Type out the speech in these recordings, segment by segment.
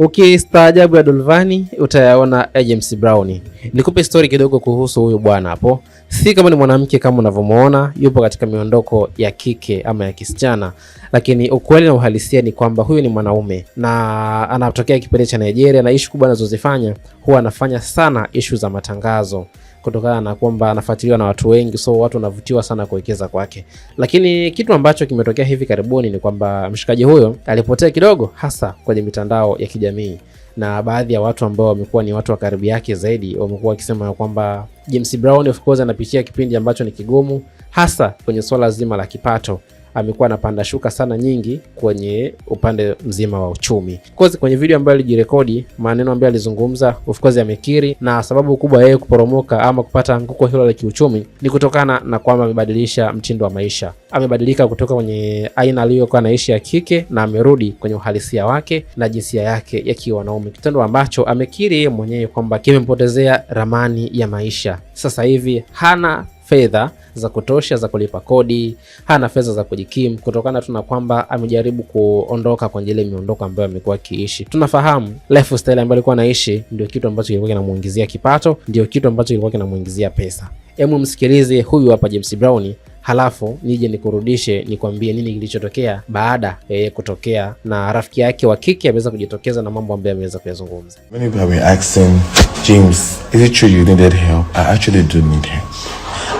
Ukistaajabu ya Dolvani utayaona James Brown. Nikupe stori kidogo kuhusu huyu bwana hapo. Si kama ni mwanamke kama unavyomwona, yupo katika miondoko ya kike ama ya kisichana, lakini ukweli na uhalisia ni kwamba huyu ni mwanaume na anatokea kipindi cha Nigeria, na ishu kubwa anazozifanya huwa anafanya sana ishu za matangazo kutokana na kwamba anafuatiliwa na watu wengi, so watu wanavutiwa sana kuwekeza kwake. Lakini kitu ambacho kimetokea hivi karibuni ni kwamba mshikaji huyo alipotea kidogo, hasa kwenye mitandao ya kijamii, na baadhi ya watu ambao wamekuwa ni watu wa karibu yake zaidi wamekuwa wakisema kwamba James Brown of course anapitia kipindi ambacho ni kigumu, hasa kwenye swala zima la kipato amekuwa anapanda shuka sana nyingi kwenye upande mzima wa uchumi. Of course kwenye video ambayo alijirekodi, maneno ambayo alizungumza, of course amekiri, na sababu kubwa yeye kuporomoka ama kupata anguko hilo la kiuchumi ni kutokana na kwamba amebadilisha mtindo wa maisha, amebadilika kutoka kwenye aina aliyokuwa anaishi ya kike na amerudi kwenye uhalisia wake na jinsia yake ya kiwanaume, kitendo ambacho amekiri yeye mwenyewe kwamba kimempotezea ramani ya maisha. Sasa hivi hana fedha za kutosha za kulipa kodi, hana fedha za kujikimu, kutokana tu na kwamba amejaribu kuondoka kwenye ile miondoko ambayo amekuwa akiishi. Tunafahamu lifestyle ambayo alikuwa anaishi ndio kitu ambacho kilikuwa kinamuingizia kipato, ndio kitu ambacho kilikuwa kinamuingizia pesa. Hebu msikilize huyu hapa James Brown, halafu nije nikurudishe nikwambie nini kilichotokea baada ya yeye kutokea na rafiki yake wa kike ameweza kujitokeza na mambo ambayo ameweza kuyazungumza. Many people have been asking James, is it true you needed help? I actually do need help.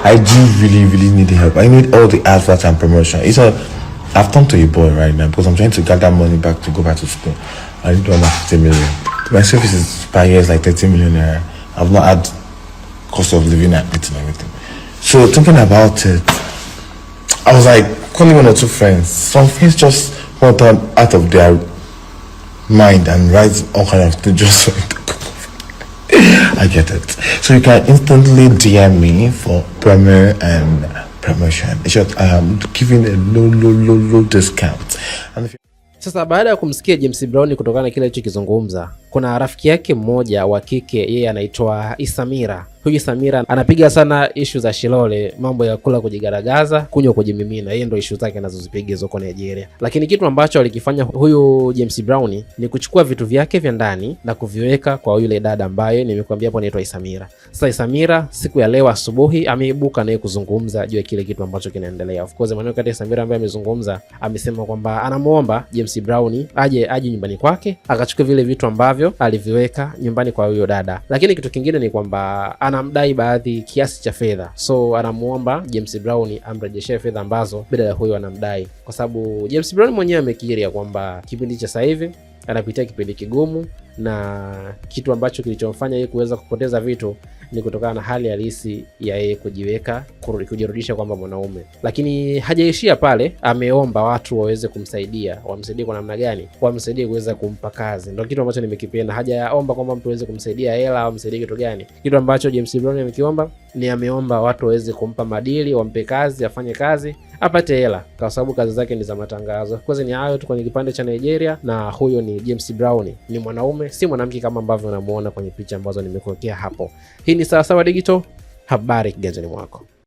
I do really, really need the help. I need all the adverts and promotion. It's a, I've turned to a boy right now because I'm trying to gather money back to go back to school. I need 150 million. My service is per year is like 30 million naira. I've not had cost of living and eating and everything. So thinking about it, I was like calling one or two friends. Some friends just went out of their mind and write all kind of things just I get it. So you can instantly DM me for promo and um, promotion. It's just um, giving a low, low, low, low discount. And if sasa baada ya kumsikia James Brown kutokana na kile alichokizungumza, kuna rafiki yake mmoja wa kike, yeye anaitwa Isamira Huyu Samira anapiga sana ishu za Shilole, mambo ya kula kujigaragaza, kunywa kujimimina. Yeye ndo ishu zake anazozipiga hizo kwa Nigeria, lakini kitu ambacho alikifanya huyu James Brown ni kuchukua vitu vyake vya ndani na kuviweka kwa yule dada ambaye nimekuambia hapo anaitwa Isamira. Sasa Isamira siku ya leo asubuhi ameibuka naye kuzungumza juu ya kile kitu ambacho kinaendelea. Of course maneno kati ya Isamira ambaye amezungumza, amesema kwamba anamuomba James Brown aje aje nyumbani kwake akachukua vile vitu ambavyo aliviweka nyumbani kwa huyo dada, lakini kitu kingine ni kwamba anamdai baadhi kiasi cha fedha, so anamwomba James Brown amrejeshee fedha ambazo bidada huyo anamdai, kwa sababu James Brown mwenyewe amekiri ya kwamba kipindi cha sasa hivi anapitia kipindi kigumu na kitu ambacho kilichomfanya yeye kuweza kupoteza vitu ni kutokana na hali halisi ya yeye kujiweka kujirudisha kwamba mwanaume. Lakini hajaishia pale, ameomba watu waweze kumsaidia. Wamsaidie kwa namna gani? Wamsaidie kuweza kumpa kazi, ndo kitu ambacho nimekipenda. Hajaomba kwamba mtu aweze kumsaidia hela au msaidie kitu gani. Kitu ambacho James Brown amekiomba ni ameomba watu waweze kumpa madili, wampe kazi, afanye kazi apate hela, kwa sababu kazi zake ni za matangazo. Of ni hayo tu kwenye kipande cha Nigeria, na huyo ni James Brown, ni mwanaume, si mwanamke kama ambavyo unamuona kwenye picha ambazo nimekuwekea hapo. Hii ni Sawasawa Digital, habari kiganjani mwako.